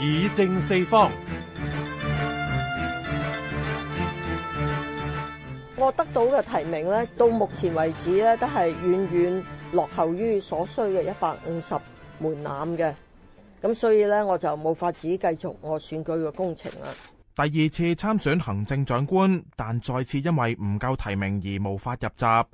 議政四方。我得到嘅提名呢，到目前為止呢，都係遠遠落後於所需嘅一百五十門檻嘅。咁所以呢，我就冇法子繼續我選舉嘅工程啦。第二次參選行政長官，但再次因為唔夠提名而無法入閘。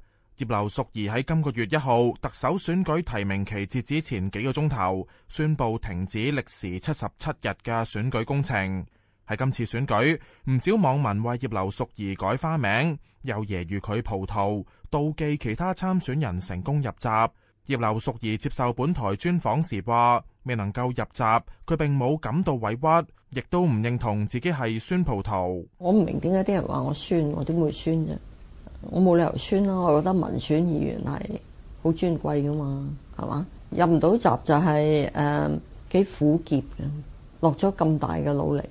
葉劉淑儀喺今個月一號，特首選舉提名期截止前幾個鐘頭，宣佈停止歷時七十七日嘅選舉工程。喺今次選舉，唔少網民為葉劉淑儀改花名，又揶揄佢葡萄，妒忌其他參選人成功入閘。葉劉淑儀接受本台專訪時話，未能夠入閘，佢並冇感到委屈，亦都唔認同自己係酸葡萄。我唔明點解啲人話我酸，我點會酸啫？我冇理由酸啦，我覺得民選議員係好尊貴噶嘛，係嘛？入唔到閘就係誒幾苦澀嘅，落咗咁大嘅努力，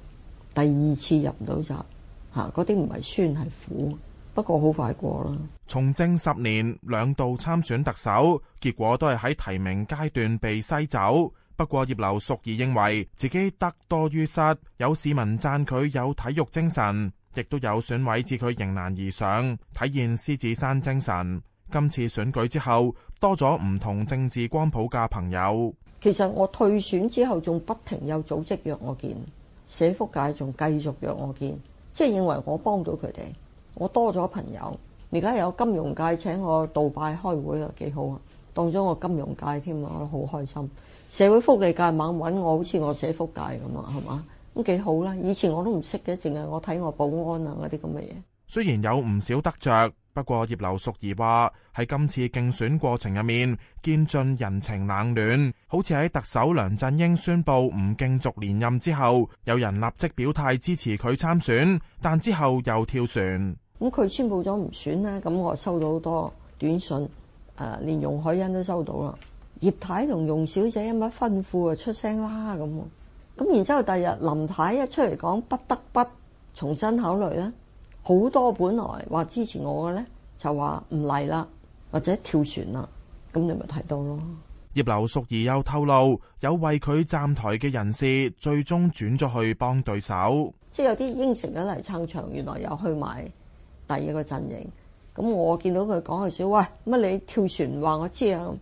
第二次入唔到閘，吓嗰啲唔係酸係苦，不過好快過啦。從政十年，兩度參選特首，結果都係喺提名階段被篩走。不過葉劉淑儀認為自己得多於失，有市民讚佢有體育精神。亦都有選委指佢迎難而上，體現獅子山精神。今次選舉之後，多咗唔同政治光譜嘅朋友。其實我退選之後，仲不停有組織約我見，社福界仲繼續約我見，即係認為我幫到佢哋，我多咗朋友。而家有金融界請我杜拜開會啊，幾好啊，當咗我金融界添啊，我都好開心。社會福利界猛揾我，好似我社福界咁啊，係嘛？都幾好啦，以前我都唔識嘅，淨係我睇我保安啊嗰啲咁嘅嘢。雖然有唔少得着，不過葉劉淑儀話喺今次競選過程入面見盡人情冷暖，好似喺特首梁振英宣佈唔競逐連任之後，有人立即表態支持佢參選，但之後又跳船。咁佢，嗯、宣佈咗唔選啦，咁我收到好多短信，誒、啊，連容海恩都收到啦，葉太同容小姐有乜吩咐啊，出聲啦咁。咁然之後，第日林太一出嚟講，不得不重新考慮咧。好多本來話支持我嘅咧，就話唔嚟啦，或者跳船啦。咁你咪睇到咯。葉劉淑儀又透露，有為佢站台嘅人士，最終轉咗去幫對手。即係有啲應承咗嚟撐場，原來又去埋第二個陣營。咁我見到佢講句説：喂，乜你跳船？話我知啊。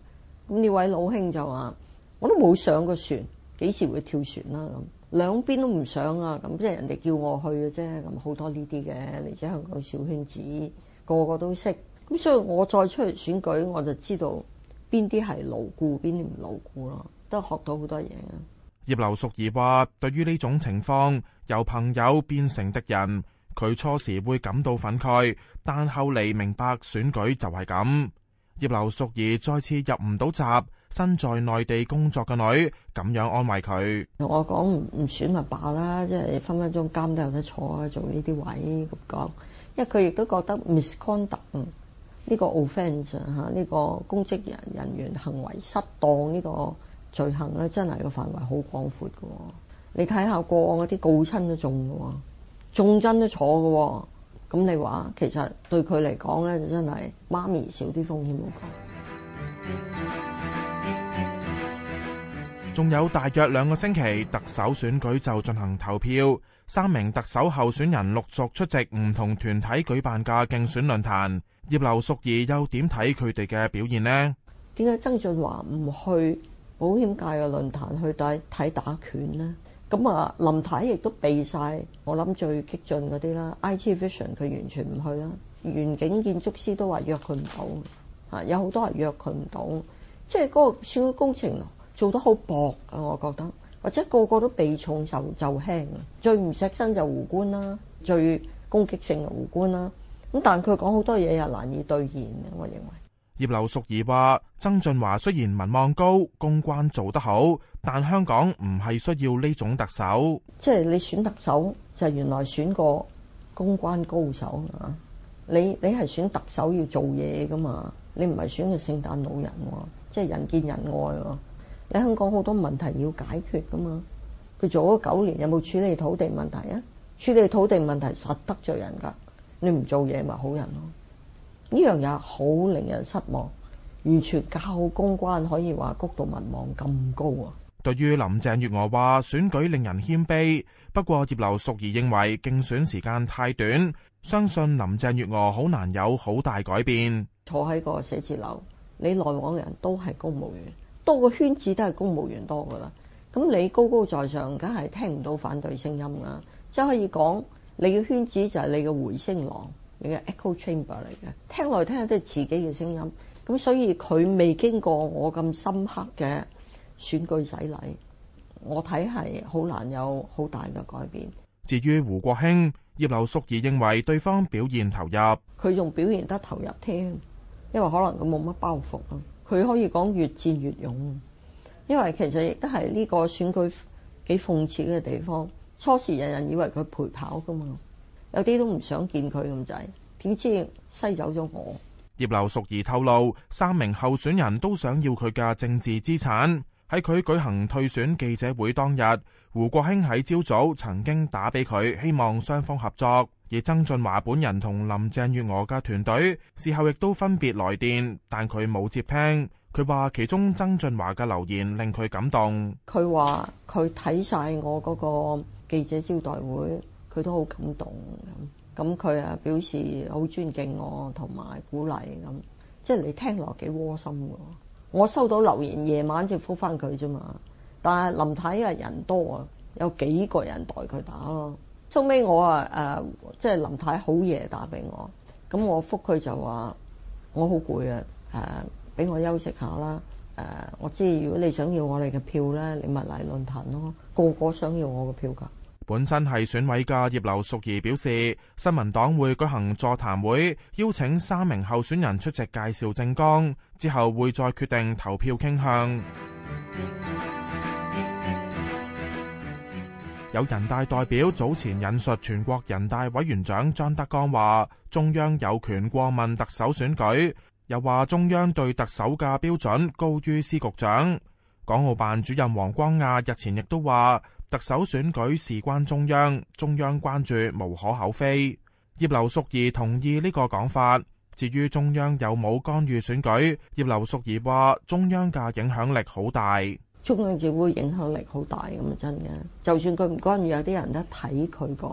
咁呢位老兄就話：我都冇上過船。幾時會跳船啦？咁兩邊都唔想啊，咁即係人哋叫我去嘅啫。咁好多呢啲嘅嚟自香港小圈子，個個都識。咁所以我再出去選舉，我就知道邊啲係牢固，邊啲唔牢固咯。都學到好多嘢。葉劉淑儀話：對於呢種情況，由朋友變成敵人，佢初時會感到憤慨，但後嚟明白選舉就係咁。葉劉淑儀再次入唔到閘。身在內地工作嘅女，咁樣安慰佢。同我講唔唔選咪罷啦，即係分分鐘監都有得坐做呢啲位咁講。因為佢亦都覺得 misconduct，呢個 offence 嚇，呢個公職人人員行為失當呢個罪行咧，真係個範圍好廣闊㗎。你睇下過往嗰啲告親都中嘅喎，仲真都坐嘅喎，哦。咁你話，其實對佢嚟講咧，就真係媽咪少啲風險喎。仲有大約兩個星期，特首選舉就進行投票。三名特首候選人陸續出席唔同團體舉辦嘅競選論壇。葉劉淑儀又點睇佢哋嘅表現呢？點解曾俊華唔去保險界嘅論壇去睇睇打拳呢？咁啊，林太亦都避晒。我諗最激進嗰啲啦，IT Vision 佢完全唔去啦。園景建築師都話約佢唔到，吓，有好多人約佢唔到，即係嗰個選舉工程，做得好薄啊！我覺得，或者個個都避重就就輕啊。最唔錫身就胡官啦，最攻擊性嘅胡官啦。咁但係佢講好多嘢，又難以兌現啊！我認為，葉劉淑儀話曾俊華雖然民望高，公關做得好，但香港唔係需要呢種特首。即係你選特首就係、是、原來選個公關高手啊！你你係選特首要做嘢噶嘛？你唔係選個聖誕老人喎，即係人見人愛喎。喺香港好多問題要解決噶嘛？佢做咗九年，有冇處理土地問題啊？處理土地問題實得罪人噶，你唔做嘢咪好人咯？呢樣嘢好令人失望，完全靠公關可以話谷到民望咁高啊！對於林鄭月娥話選舉令人謙卑，不過葉劉淑儀認為競選時間太短，相信林鄭月娥好難有好大改變。坐喺個寫字樓，你來往嘅人都係公務員。多個圈子都係公務員多噶啦，咁你高高在上，梗係聽唔到反對聲音啦。即係可以講，你嘅圈子就係你嘅回聲廊，你嘅 echo chamber 嚟嘅，聽來聽去都係自己嘅聲音。咁所以佢未經過我咁深刻嘅選舉洗禮。我睇係好難有好大嘅改變。至於胡國興，葉劉淑儀認為對方表現投入，佢仲表現得投入添，因為可能佢冇乜包袱啊。佢可以講越戰越勇，因為其實亦都係呢個選舉幾諷刺嘅地方。初時人人以為佢陪跑噶嘛，有啲都唔想見佢咁滯，點知西走咗我。葉劉淑儀透露，三名候選人都想要佢嘅政治資產。喺佢舉行退選記者會當日，胡國興喺朝早曾經打俾佢，希望雙方合作。而曾俊華本人同林鄭月娥嘅團隊事後亦都分別來電，但佢冇接聽。佢話其中曾俊華嘅留言令佢感動。佢話佢睇晒我嗰個記者招待會，佢都好感動咁。咁佢啊表示好尊敬我同埋鼓勵咁，即係你聽落幾窩心嘅。我收到留言夜晚就覆翻佢啫嘛。但係林太啊人多啊，有幾個人代佢打咯。收尾我啊，誒、呃，即係林太好夜打俾我，咁我覆佢就話，我好攰啊，誒、呃，俾我休息下啦，誒、呃，我知如果你想要我哋嘅票咧，你咪嚟論壇咯，個個想要我嘅票噶。本身係選委嘅葉劉淑儀表示，新民黨會舉行座談會，邀請三名候選人出席介紹政綱，之後會再決定投票傾向。有人大代表早前引述全國人大委員長張德江話，中央有權過問特首選舉，又話中央對特首嘅標準高於司局長。港澳辦主任王光亞日前亦都話，特首選舉事關中央，中央關注無可厚非。葉劉淑儀同意呢個講法，至於中央有冇干預選舉，葉劉淑儀話中央嘅影響力好大。中央政府影響力好大咁啊！真嘅，就算佢唔干預，有啲人都睇佢個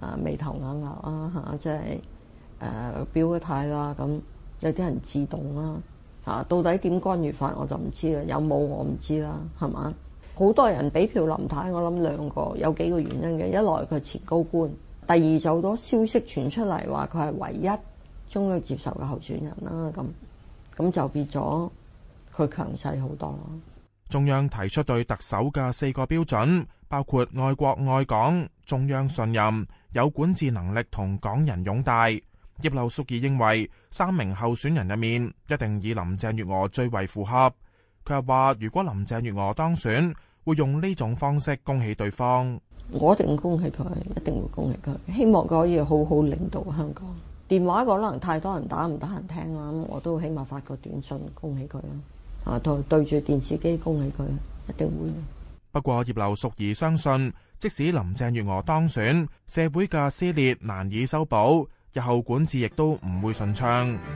啊，眉頭眼額啊，即係誒表個態啦。咁有啲人自動啦，嚇、啊、到底點干預法我就唔知啦，有冇我唔知啦，係嘛？好多人俾票林太，我諗兩個有幾個原因嘅，一來佢係前高官，第二就好多消息傳出嚟話佢係唯一中央接受嘅候選人啦，咁咁就變咗佢強勢好多。中央提出對特首嘅四個標準，包括愛國愛港、中央信任、有管治能力同港人擁戴。葉劉淑儀認為三名候選人入面，一定以林鄭月娥最為符合。佢又話，如果林鄭月娥當選，會用呢種方式恭喜對方。我一定恭喜佢，一定會恭喜佢。希望佢可以好好領導香港。電話可能太多人打唔得閒聽啦，我都希望發個短信恭喜佢啦。啊！對住電視機恭喜佢，一定會。不過葉劉淑儀相信，即使林鄭月娥當選，社會嘅撕裂難以修補，日後管治亦都唔會順暢。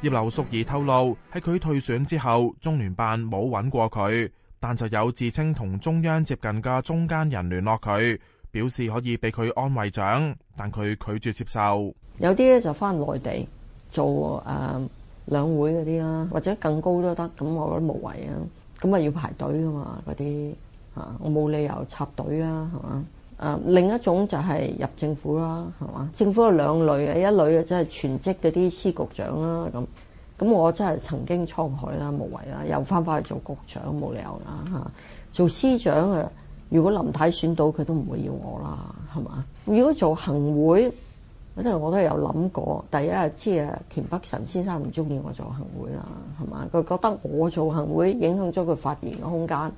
葉劉淑儀透露，喺佢退選之後，中聯辦冇揾過佢，但就有自稱同中央接近嘅中間人聯絡佢，表示可以俾佢安慰獎，但佢拒絕接受。有啲咧就翻內地。做誒、呃、兩會嗰啲啦，或者更高都得，咁我覺得無謂啊。咁啊要排隊噶嘛，嗰啲嚇我冇理由插隊啊，係嘛？誒、啊、另一種就係入政府啦，係嘛？政府有兩類嘅，一類嘅即係全職嗰啲司局長啦，咁咁我真係曾經滄海啦，無謂啦，又翻返去做局長冇理由噶嚇、啊。做司長啊，如果林太選到佢都唔會要我啦，係嘛？如果做行會。我都，我都有諗過。第一日知呀田北辰先生唔中意我做行會啦，係嘛？佢覺得我做行會影響咗佢發言嘅空間，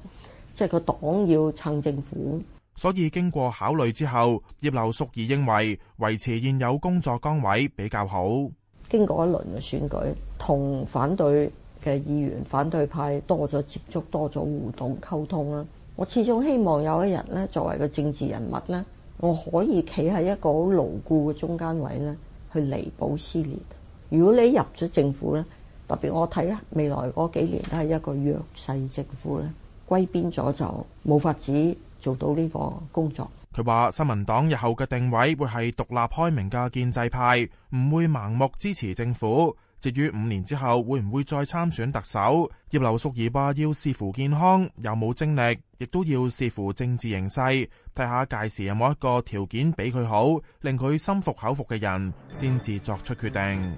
即係個黨要撐政府。所以經過考慮之後，葉劉淑儀認為維持現有工作崗位比較好。經過一輪嘅選舉，同反對嘅議員、反對派多咗接觸、多咗互動、溝通啦。我始終希望有一日咧，作為個政治人物咧。我可以企喺一個好牢固嘅中間位咧，去彌補撕裂。如果你入咗政府咧，特別我睇未來嗰幾年都係一個弱勢政府咧，歸邊咗就冇法子做到呢個工作。佢話：新民黨日後嘅定位會係獨立開明嘅建制派，唔會盲目支持政府。至於五年之後會唔會再參選特首，葉劉淑儀話要視乎健康又有冇精力，亦都要視乎政治形勢，睇下屆時有冇一個條件比佢好，令佢心服口服嘅人先至作出決定。